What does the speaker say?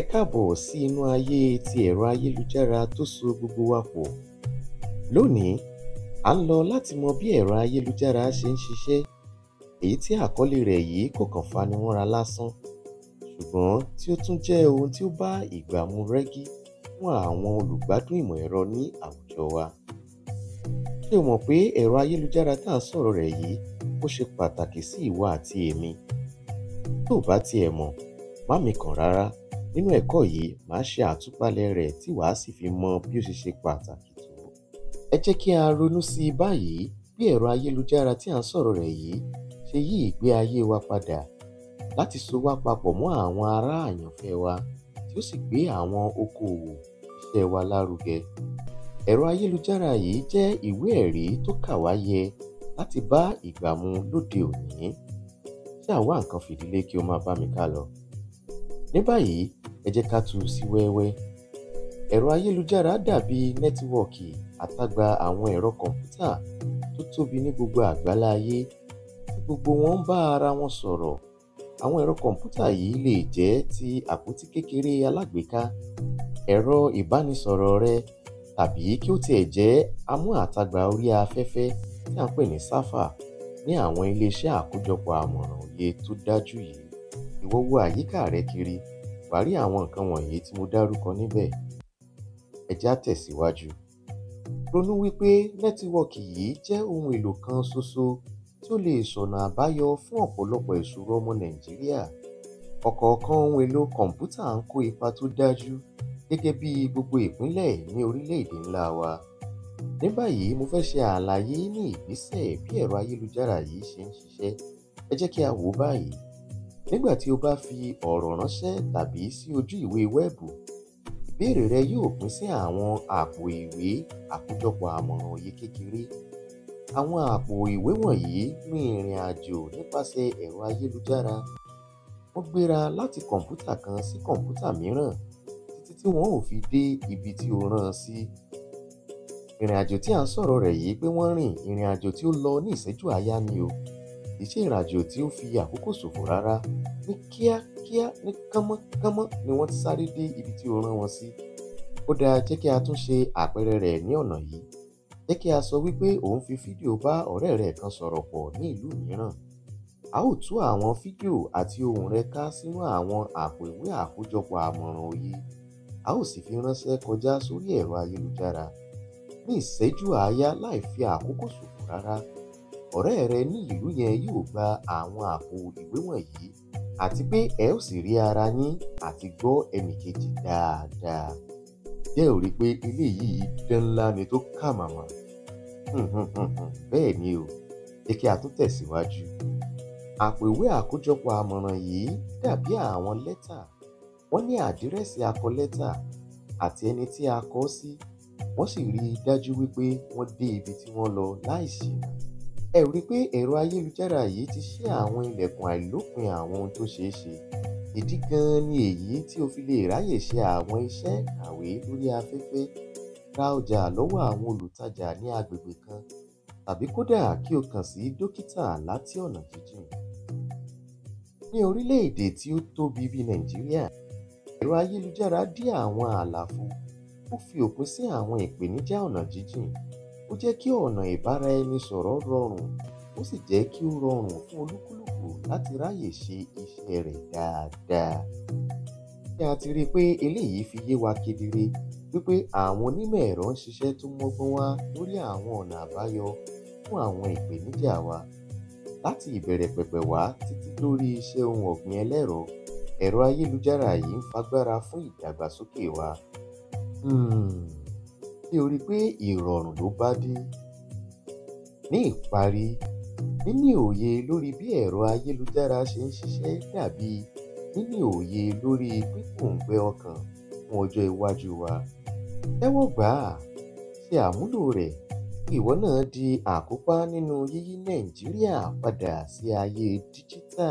ẹ káàbọ̀ sí inú ayé ti ẹ̀rọ ayélujára tó so gbogbo wa pọ̀ lónìí à ń lọ láti mọ bí ẹ̀rọ ayélujára ṣe ń ṣiṣẹ́ èyí tí àkọlé rẹ̀ yìí kò kàn fani mọ́ra lásán ṣùgbọ́n tí ó tún jẹ́ ohun tí ó bá ìgbà mu rẹ́gí fún àwọn olùgbádùn ìmọ̀ ẹ̀rọ ní àwùjọ wa ṣé o mọ̀ pé ẹ̀rọ ayélujára tá à ń sọ̀rọ̀ rẹ̀ yìí ó ṣe pàtàkì sí ìwọ àti èmi tó bá tiẹ̀ mọ̀ má mi kàn rárá nínú ẹ̀kọ́ yìí màá ṣe àtúpalẹ̀ rẹ̀ tí wàá sì fi mọ bí ó ṣe ṣe pàtàkì tó. ẹ jẹ́ kí a ronú sí i báyìí bí ẹ̀rọ ayélujára tí à ń sọ̀rọ̀ rẹ̀ yìí ṣe yí ìgbé ayé wa padà láti so wá papọ̀ mọ́ àwọn ará àyànfẹ́ wa tí ó sì gbé àwọn okòòwò iṣẹ́ wa lárugẹ. ẹ̀rọ ayélujára yìí jẹ́ ìwé ẹ̀rí tó kà wá yẹ láti bá ìgbà mu lóde òní ṣé àwa nǹkan fìdílé kí o máa bá mi ká lọ. ní báyìí ẹ jẹ́ ká tú u sí wẹ́wẹ́ ẹ̀rọ ayélujára dàbí nẹ́tíwọ́ọ̀kì àtagbà àwọn ẹ̀rọ kọ̀ǹpútà tó tóbi ní gbogbo àgbáláyé tí gbogbo wọn ń bá ara wọn sọ̀rọ̀ àwọn ẹ̀rọ kọ̀ǹpútà yìí lè jẹ́ ti àpótí kékeré alágbèéká ẹ̀rọ ìbánisọ̀rọ̀ rẹ tàbí kí ó tiẹ̀ jẹ́ amú-àtagbà orí afẹ́fẹ́ tí à ń pè ní sáfà ní àwọn iléeṣẹ́ àkójọpọ̀ àmọ̀ràn òye tó dájú yìí ìwọ àyíká rẹ kiri wàá rí àwọn nǹkan wọ̀nyí tí mo dárúkọ níbẹ̀ ẹ já tẹ̀síwájú ronú wípé nẹ́tíwọ́ọ̀kì yìí jẹ́ ohun èlò kan ṣoṣo tí ó lè ṣọ̀nà àbáyọ fún ọ̀pọ̀lọpọ̀ ìṣòro ọmọ nàìjíríà ọ̀kọ̀ọ̀kan ohun èlò kọ̀ǹpútà ń kó ipa tó dájú gẹ́gẹ́ bí gbogbo ìpínlẹ̀ ní orílẹ̀-èdè ńlá wa ní báyìí mo fẹ́ ṣe àlàyé ní ìgbésẹ̀ bí ẹ̀rọ ayélujára yìí ṣe ń ṣiṣẹ́ ẹ jẹ́ kí a wò báyìí nígbà tí o bá fi ọ̀rọ̀ ránṣẹ́ tàbí sí ojú ìwé wẹ́ẹ̀bù ìbéèrè rẹ yóò pín sí àwọn àpò ìwé àkójọpọ̀ àmọ̀ràn òye kékeré àwọn àpò ìwé wọ̀nyí rin ìrìn àjò nípasẹ̀ ẹ̀rọ ayélujára wọ́n gbéra láti kọ̀ǹpútà kan sí kọ̀ǹpútà mìíràn títí tí wọ́n ò fi dé ibi tí o rán an sí ìrìn àjò tí à ń sọ̀rọ̀ rẹ̀ yìí pé wọ́n rìn ìrìn àjò tí ó lọ ní ìṣẹ́jú àáyá ni o iṣẹ́ ìrìnàjò tí ó fi àkókò ṣòfò rárá ní kíákíá ní kánmọ́kánmọ́ ni wọ́n ti sáré dé ibi tí o rán wọn sí ó dáa jẹ́ kí a tún ṣe àpẹẹrẹ rẹ̀ ní ọ̀nà yìí jẹ́ kí a sọ wípé òun fi fídíò bá ọ̀rẹ́ rẹ̀ kan sọ̀rọ̀ pọ̀ ní ìlú mìíràn a ó tú àwọn fídíò àti ohùn rẹ ká sínú àwọn àpò ìwé àkójọpọ̀ àmọ̀ràn òye a ó sì fi ránṣẹ́ kọjá sórí ẹ̀rọ ayélujára ní ìṣẹ́jú àáyá láì fi àkókò ṣòfò rárá ọ̀rẹ́ rẹ ní ìlú yẹn yóò gba àwọn àpò ìwé wọ̀nyí àti pé ẹ ó sì rí ara yín àti gbọ́ ẹnìkejì dáadáa jẹ́ ò rí pé eléyìí dán ńlá ni tó kà màmá bẹ́ẹ̀ ni o èkè àtúntẹ̀síwájú àpò ìwé àkójọpọ̀ àmọ̀ràn yìí dàbí àwọn lẹ́tà wọ́n ní àdírẹ́sì akọ lẹ́tà àti ẹni tí a kọ sí wọ́n sì rí i dájú wípé wọ́n dé ibi tí wọ́n lọ láìsí ẹ ò rí i pé ẹ̀rọ ayélujára yìí ti ṣí àwọn ilẹ̀kùn àìlópin àwọn ohun tó ṣeé ṣe ìdí gan-an ni èyí tí o fi lè ráyè ṣe àwọn iṣẹ́ kàwé lórí afẹ́fẹ́ ra ọjà lọ́wọ́ àwọn olùtajà ní agbègbè kan tàbí kódà kí o kàn sí dókítà láti ọ̀nà jíjìn. ní orílẹ̀-èdè tí ó tóbi bíi nàìjíríà ẹ̀rọ ayélujára dí àwọn àlàfo ó fi òpin sí àwọn ìpèníjà ọ̀nà jíjìn ó jẹ́ kí ọ̀nà ìbáraẹnisọ̀rọ̀ rọrùn ó sì jẹ́ kí ó rọrùn fún olúkúlùkù láti ráyè ṣe iṣẹ́ rẹ̀ dáadáa. bí a ti rí i pé eléyìí fi yé wa kedere wípé àwọn onímọ̀ ẹ̀rọ ń ṣiṣẹ́ tó mọ́gbọ́n wá lórí àwọn ọ̀nà àbáyọ fún àwọn ìpèníjà wa láti ìbẹ̀rẹ̀ pẹ̀pẹ̀ wá títí lórí iṣẹ́ ohun ọ̀gbìn ẹlẹ́rọ ẹ̀rọ ayélujára yìí ń fagbára fún ìdàgbàsókè wa. Hmm tí o rí pé ìrọ̀rùn ló bá dé. Ní ìparí, níní òye lórí bí ẹ̀rọ ayélujára ṣe ń ṣiṣẹ́ dàbí níní òye lórí pípòǹgbẹ ọkàn fún ọjọ́ iwájú wa. Tẹ́wọ́ gbà á, ṣe àmúlò rẹ̀ kí ìwọ náà di àkópa nínú yíyí Nàìjíríà padà sí ayé díjítà.